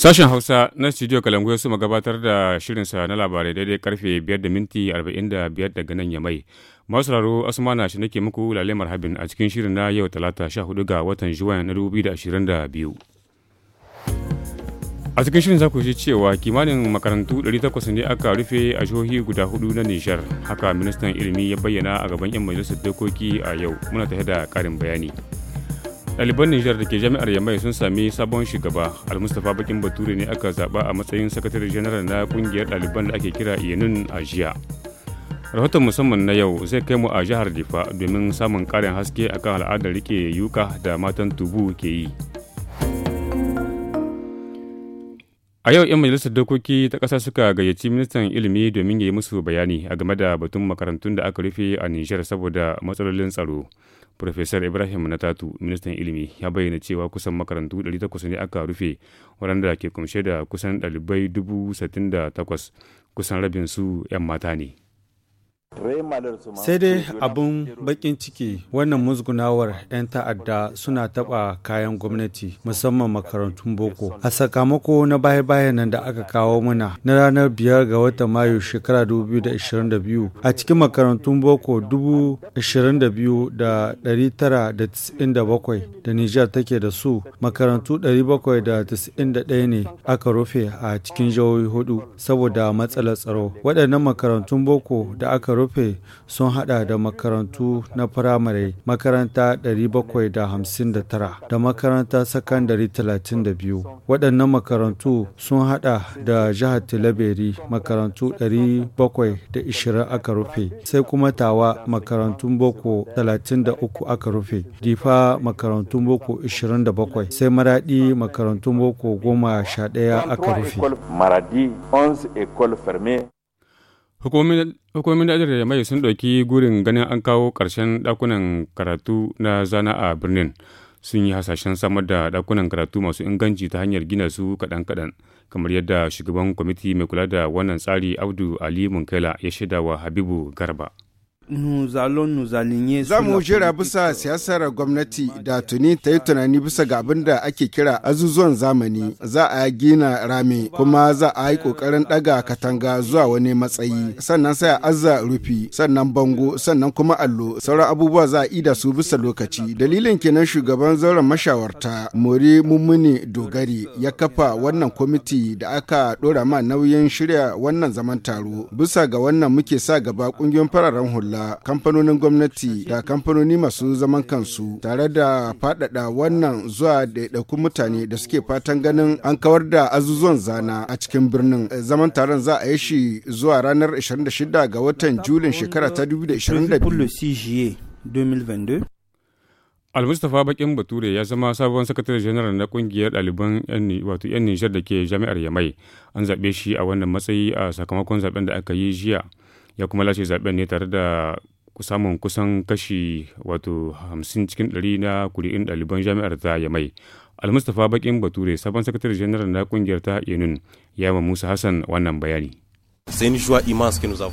Sashen Hausa na Studio Kalangu su gabatar da shirinsa na labarai daidai karfe 5 da minti 45 daga nan yamai. Masu raro Asmana shi nake muku lalle marhabin a cikin shirin na yau talata 14 ga watan Juwan na 2022. A cikin shirin za ku ji cewa kimanin makarantu 800 ne aka rufe a jihohi guda hudu na Nijar. Haka ministan ilimi ya bayyana a gaban 'yan majalisar dokoki a yau. Muna tafiya da ƙarin bayani. ɗaliban nijar da ke jami'ar yamai sun sami sabon shugaba Al-Mustapha bakin bature ne aka zaɓa a matsayin sakatare janaral na ƙungiyar ɗaliban da ake kira yenun a jiya rahoton musamman na yau zai kai mu a jihar difa domin samun ƙarin haske akan al'adar rike yuka da matan tubu ke yi a yau 'yan majalisar dokoki ta ƙasa suka gayyaci ministan ilimi domin ya yi musu bayani a game da batun makarantun da aka rufe a nijar saboda matsalolin tsaro Profesor Ibrahim Natatu, ministan ilimi, ya bayyana cewa kusan makarantu 800 ne aka rufe waɗanda ke kumshe da kusan ɗalibai 68 kusan rabin su 'yan mata ne. sai dai abun bakin ciki wannan musgunawar 'yan ta'adda suna taba kayan gwamnati musamman makarantun boko a sakamako na baya-bayan nan da aka kawo mana na ranar biyar ga watan mayu shekara 2022 a cikin makarantun boko 22,997 da nijar take da su makarantu 791 ne aka rufe a cikin jihohi hudu saboda matsalar tsaro waɗannan makarantun boko da aka rufe sun hada da makarantu na firamare makaranta 759 da makaranta sakandare 32 waɗannan makarantu sun hada da jihar tilaberi makarantu 720 aka rufe sai kuma tawa makarantun boko 33 aka rufe difa makarantun boko 27 sai maradi makarantun boko 11 aka rufe Hukumomin da mai sun ɗauki gurin ganin an kawo ƙarshen ɗakunan karatu na zana a birnin. Sun yi hasashen samar da ɗakunan karatu masu inganci ta hanyar gina su kaɗan-kaɗan, kamar yadda shugaban kwamiti mai kula da wannan tsari Abdu Ali Munkela ya shaida wa Habibu Garba. nous allons nous aligner za mu jira bisa siyasar gwamnati da tuni ta yi tunani bisa ga abin da ake kira azuzuwan zamani za a gina rami kuma za a yi kokarin daga katanga zuwa wani matsayi sannan sai a azza rufi sannan bango sannan kuma allo sauran abubuwa za a yi da su bisa lokaci dalilin kenan shugaban zauren mashawarta mori mummuni dogari ya kafa wannan kwamiti da aka dora ma nauyin shirya wannan zaman taro bisa ga wannan muke sa gaba kungiyoyin fararen hula da kamfanonin gwamnati da kamfanoni masu zaman kansu tare da faɗaɗa wannan zuwa ya mutane da suke fatan ganin an kawar da azuzuwan zana a cikin birnin eh, zaman taron za a yi shi zuwa ranar 26 ga watan julin shekara ta 2022 almustapha bakin bature ya zama sabon sakatare janar na kungiyar ɗaliban wato 'yan nijar da ke jami'ar yamai an zaɓe shi a wannan matsayi a sakamakon zaɓen da aka yi jiya ya kuma lashe zaben ne tare da samun kusan kashi wato 50 cikin 100 na kuri'in ɗaliban jami'ar ta ya yamai almustafa bakin bature sabon sakatare janar na ƙungiyar ta yenun ya wa musa hassan wannan bayani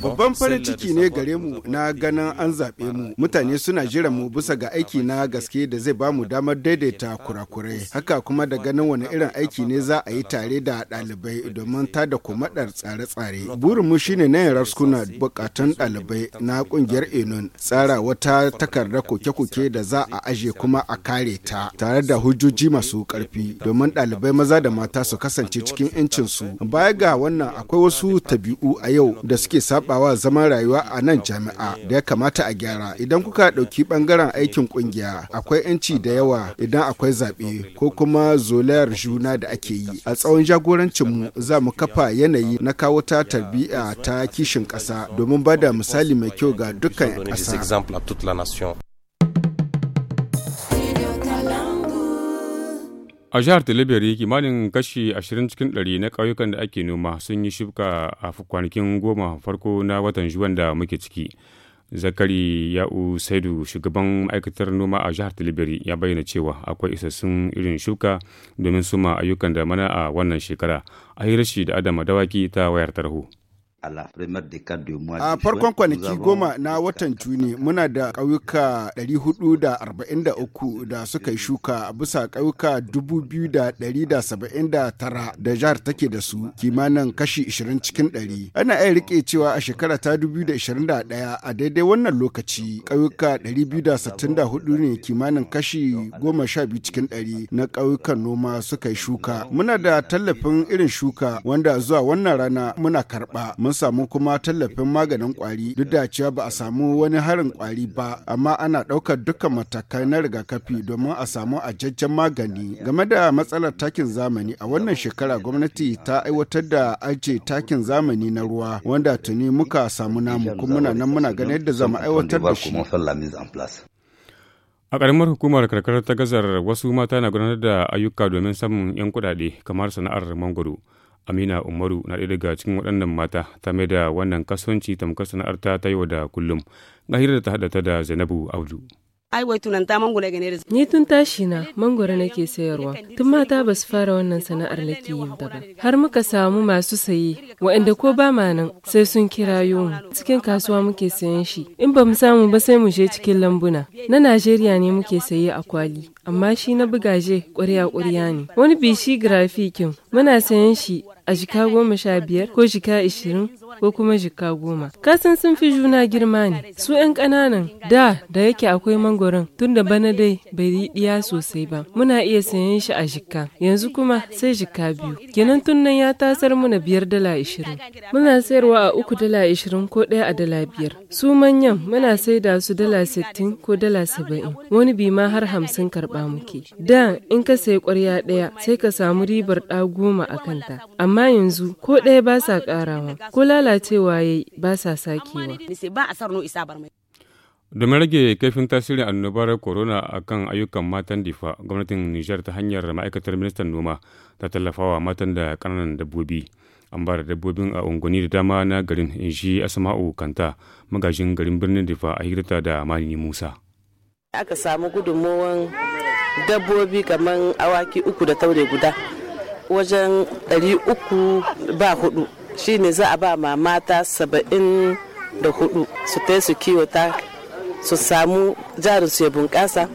Babban farin ciki ne gare mu na ganin an zaɓe mu. Mutane suna jiran mu bisa ga aiki na gaske da zai bamu damar daidaita kurakurai. Haka kuma da ganin wani irin aiki ne za a yi tare da ɗalibai domin ta da kumaɗar tsare-tsare. Burin mu shine na yin raskuna bukatun ɗalibai na ƙungiyar Enon tsara wata takardar koke-koke da za a aje kuma a kare ta tare da hujjoji masu ƙarfi domin ɗalibai maza da mata su kasance cikin 'yancinsu. Baya ga wannan akwai wasu tabi'u ɗabi'u a yau da suke sabawa zaman rayuwa a nan jami'a da ya kamata a gyara idan kuka ɗauki ɓangaren aikin ƙungiya akwai 'yanci da yawa idan akwai zaɓe ko kuma zolayar juna da ake yi a tsawon jagorancinmu za mu kafa yanayi na kawo ta tarbiyya ta kishin ƙasa domin ba da misali mai kyau ga dukkan ƙasa A jihar Tilibiri kimanin kashi ashirin cikin 100 na ƙauyukan da ake noma sun yi shuka a kwanakin goma farko na watan juwan da muke ciki. Zakari Ya'u Saidu shugaban ma'aikatar noma a jihar Tilibiri ya bayyana cewa akwai isassun irin shuka domin suma ayyukan da mana a wannan shekara. A rashi da Adama Dawaki ta wayar tarho. A farkon kwanaki goma na watan Juni muna da ƙauyuka 443 da suka yi shuka bisa ƙauyuka 2,179 da jihar take da su kimanin kashi 20 cikin 100. Ana iya rike cewa a shekara ta 2021 a daidai wannan lokaci ƙauyuka 264 ne kimanin kashi 12 cikin 100 na ƙauyukan noma suka yi shuka. Muna da tallafin irin shuka wanda zuwa wannan rana muna karɓa. samu kuma tallafin maganin kwari duk da cewa ba a samu wani harin kwari ba amma ana ɗaukar dukkan matakai na rigakafi domin a samu ajajjen magani game da matsalar takin zamani a wannan shekara gwamnati ta aiwatar da aje takin zamani na ruwa wanda tuni muka samu namu kuma muna nan muna ganin yadda mu aiwatar da shi A ƙaramar hukumar karkarar ta gazar wasu mata na gudanar da ayyuka domin samun 'yan kudade kamar sana'ar mangoro. amina umaru na ɗaya daga cikin waɗannan mata ta mai da wannan kasuwanci tamkar sana'arta ta yi wa da kullum ga hirar ta haɗa da zainabu audu ai ni tun tashi na mangwara nake sayarwa tun mata ba su fara wannan sana'ar nake yin ta ba har muka samu masu saye waɗanda ko ba ma nan sai sun kirayo mu cikin kasuwa muke sayan shi in ba mu samu ba sai mu je cikin lambuna na Najeriya ne muke saye a kwali amma shi na bugaje ƙwarya-ƙwarya ne. Wani bishi grafikin muna sayan shi a jika goma sha biyar ko jika ishirin ko kuma jika goma. Kasan sun fi juna girma ne. Su 'yan ƙananan da da yake akwai mangoron tun da bana dai bai yi sosai ba. Muna iya sayan shi a jika. Yanzu kuma sai jika biyu. Kenan tun nan ya tasar muna biyar dala ishirin. Muna sayarwa a uku dala ishirin ko ɗaya a dala biyar. Su manyan muna sai da su dala sittin ko dala saba'in. Wani bi ma har hamsin karɓa. karɓa muke. Da in ka sayi ƙwarya ɗaya sai ka samu ribar ɗa goma a kanta. Amma yanzu ko ɗaya ba sa ƙarawa ko lalacewa ya yi ba sa sakewa. Domin rage kaifin tasirin annobar corona a kan ayyukan matan difa, gwamnatin Nijar ta hanyar ma'aikatar ministan noma ta tallafawa matan da kananan dabbobi. An ba da dabbobin a unguwanni da dama na garin in Asma'u Kanta, magajin garin birnin difa a hirata da Mani Musa. aka samu gudunmowar dabbobi kamar awaki uku da taure guda wajen ɗari uku ba hudu shine za a ba ma mata saba'in da hudu su ta su kiwata su samu jarin su ya bunƙasa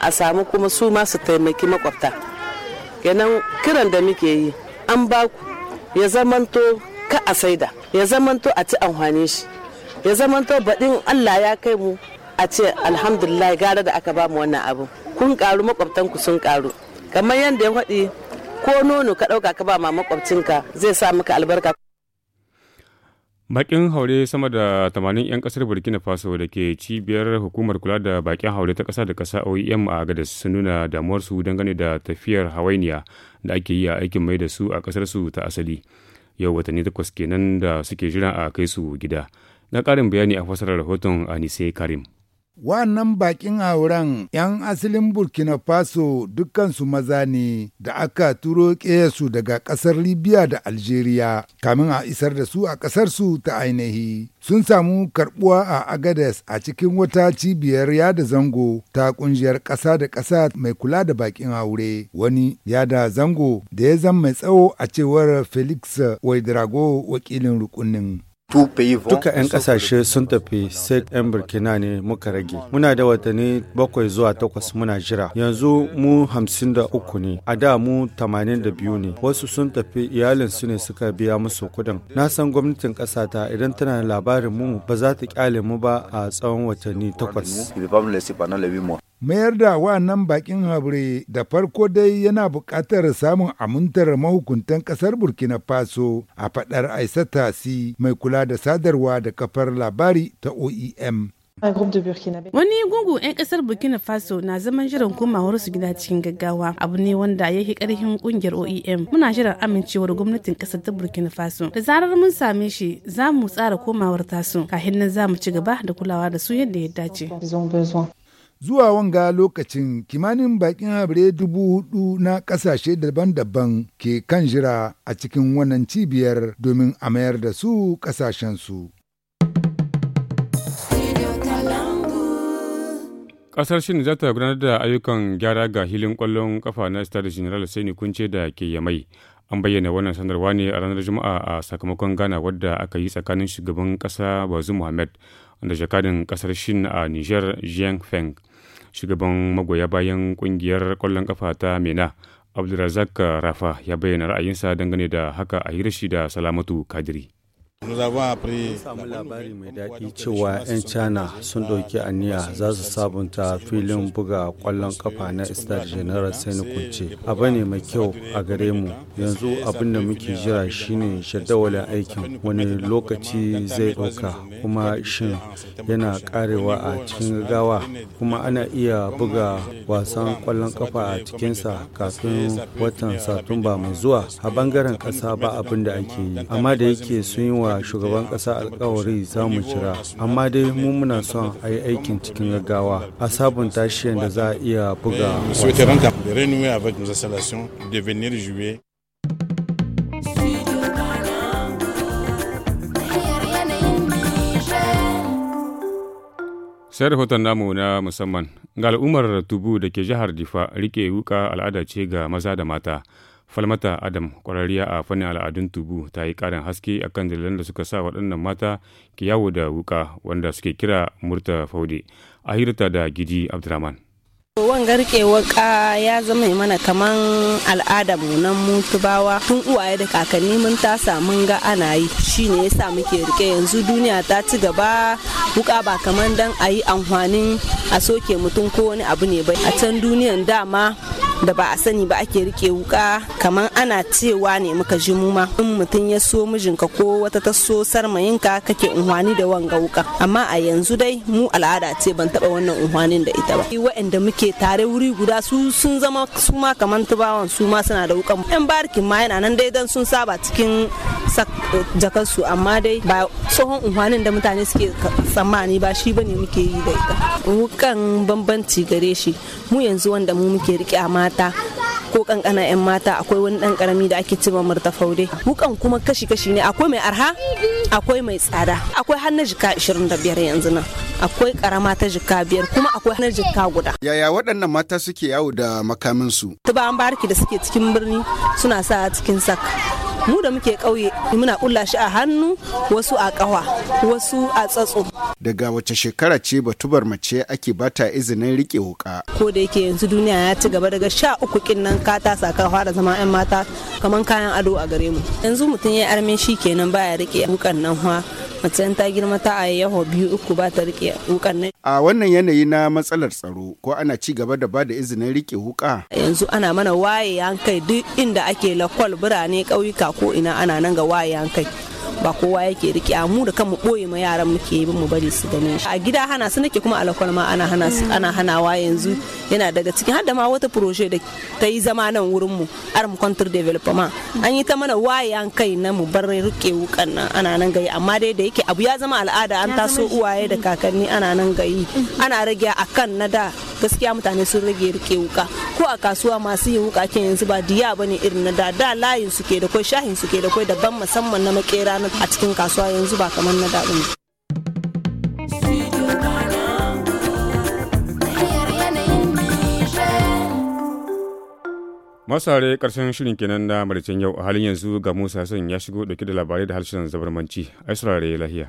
a samu kuma su ma su taimaki makwabta kenan kiran da muke yi an ba ku ya zamanto ka a saida ya zamanto a ci amfani shi ya zamanto baɗin allah ya kai mu a ce alhamdulillah gara da aka ba mu wannan abu kun karu makwabtanku sun karu kamar yadda ya faɗi ko nono ka ɗauka ka ba ma makwabcinka zai sa maka albarka Bakin haure sama da 80 'yan kasar Burkina Faso da ke cibiyar hukumar kula da bakin haure ta kasa da kasa OEM a Agadez sun nuna damuwar su dangane da tafiyar hawainiya da ake yi a aikin mai da su a kasar su ta asali. Yau watanni takwas kenan da suke jira a kai su gida. Na karin bayani a fasarar rahoton Anise Karim. Wannan bakin auren 'yan asalin Burkina Faso dukansu maza ne da aka turo su daga ƙasar Libya da Algeria kamin a isar da su a ƙasarsu ta ainihi. Sun samu karɓuwa a Agades a cikin wata cibiyar yada zango ta ƙungiyar ƙasa da ƙasa mai kula da bakin aure. Wani yada zango da ya zama mai tsawo a cewar Felix Waidrago wakilin rukunin. Duka 'yan kasashe sun tafi sai 'yan Burkina ne muka rage. Muna da watanni bakwai zuwa takwas muna jira. Yanzu mu hamsin da uku ne, a da mu tamanin da biyu ne. Wasu sun tafi iyalin su ne suka biya musu kudin. Na san gwamnatin ƙasata idan tana labarin mu ba za ta kyale mu ba a tsawon watanni takwas. mayar da wa'annan bakin habre da farko dai yana buƙatar samun amintar mahukuntan ƙasar burkina faso a faɗar aisata si mai kula da sadarwa da kafar labari ta oem Wani gungu 'yan ƙasar Burkina Faso na zaman jiran komawar su gida cikin gaggawa abu ne wanda ya yi ƙarfin kungiyar OEM. Muna jiran amincewar gwamnatin ƙasar ta Burkina Faso. Da zarar mun same shi za mu tsara komawar tasu Kahin nan za mu ci gaba da kulawa da su yadda ya dace. Zuwa wanga lokacin kimanin bakin habire dubu hudu na kasashe daban-daban ke kan jira a cikin wannan cibiyar domin a mayar da su kasashensu. Kasar Shin za ta gudanar da ayyukan gyara ga hilin kwallon kafa na Stade General Sani Kunce da ke Yamai. An bayyana wannan sanarwa ne a ranar Juma'a a sakamakon gana wadda aka yi tsakanin shugaban kasa bazu muhammad da jakadin kasar Shin a Niger Jiang Feng. shugaban magoya bayan kungiyar kwallon kafa ta mena abdulrazak rafa ya bayyana ra'ayinsa dangane da haka a hirshi da salamatu kadiri Mun samu labari mai daɗi cewa 'yan China sun ɗauki aniya za su sabunta filin buga ƙwallon kafa na Star General Sani Kunce. Abu ne mai kyau a gare mu. Yanzu abin da muke jira shine shadawalin aikin wani lokaci zai ɗauka kuma shin yana ƙarewa a cikin gawa kuma ana iya buga wasan ƙwallon kafa a cikinsa kafin watan Satumba mai zuwa. A bangaren ƙasa ba abin da ake yi. Amma da yake sun yi wa wa shugaban kasa alkawari za mu jira amma dai mu muna son a yi aikin cikin gaggawa a sabunta shi da za a iya buga sai rahoton namu na musamman ga al'ummar tubu da ke jihar difa rike wuka al'ada ce ga maza da mata falmata adam kwararriya a fannin al'adun tubu ta yi karin haske akan dalilan da suka sa waɗannan mata ke yawo da wuka wanda suke kira murta faude a hirta da gidi abdulrahman. wanga rike waka ya zama mana kaman al'ada mu nan mu tun uwaye da kakanni mun ta samu ga ana yi shine yasa muke rike yanzu duniya ta ci gaba wuka ba kaman dan ayi amfanin a soke mutum ko wani abu ne ba a can duniyan dama da ba a sani ba ake rike wuka kamar ana cewa ne muka ji mu ma in mutum ya so mijinka ko wata ta so sarmayinka kake unhwani da wanga wuka amma a yanzu dai mu al'ada ce ban taba wannan unhwanin da ita ba waɗanda muke tare wuri guda su sun zama su ma kamar tubawan su ma suna da wukan yan barkin ma yana nan dai dan sun saba cikin jakarsu amma dai ba tsohon unhwanin da mutane suke tsammani ba shi bane muke yi da ita wukan bambanci gare shi mu yanzu wanda mu muke rike a mata ko kankana 'yan mata akwai wani dan karami da ake cewa murtafaude wukan kuma kashi-kashi ne akwai mai arha akwai mai tsada akwai har na jika 25 yanzu nan akwai karama ta jika biyar kuma akwai na jika guda yaya waɗannan mata suke yawo da makamin su tuba an barki da suke cikin birni suna sa cikin sak mu da muke ƙauye muna ƙulla shi a hannu wasu a ƙawa wasu a tsatso daga wace shekara ce batubar mace ake bata izinin riƙe wuka ko da yake yanzu duniya ya ci gaba daga sha uku kin nan ka ta saka fara zama yan mata kamar kayan ado a gare mu yanzu mutum ya armin shi kenan baya rike wukan nan fa mace ta girma ta ayyaho biyu uku ba ta rike wukan nan a wannan yanayi na matsalar tsaro ko ana ci gaba da ba da izinin rike wuka yanzu ana mana waye yankai duk inda ake lakwal birane ƙauyuka ko ina ana nan ga waye yankai ba kowa yake rike a mu da kanmu boye ma yaran muke yi mu bari su gane shi a gida hana su nake kuma alakwar ma ana hana su ana hanawa yanzu yana daga cikin har ma wata proje da ta yi zama nan wurin mu arm contour development an yi ta mana wayan kai na mu bar rike wukan nan ana nan gayi amma dai da yake abu ya zama al'ada an taso uwaye da kakanni ana nan gayi ana rage akan na da gaskiya mutane sun rage rike wuka ko a kasuwa masu yin wuka ke yanzu ba diya bane irin na da layin suke da kai shahin suke da kai daban musamman na makera a cikin kasuwa yanzu ba kamar na da masare karshen shirin kenan na maricin yau a halin yanzu ga musa san ya shigo dauke da labarai da harshen zabarmanci ai saurare lahiya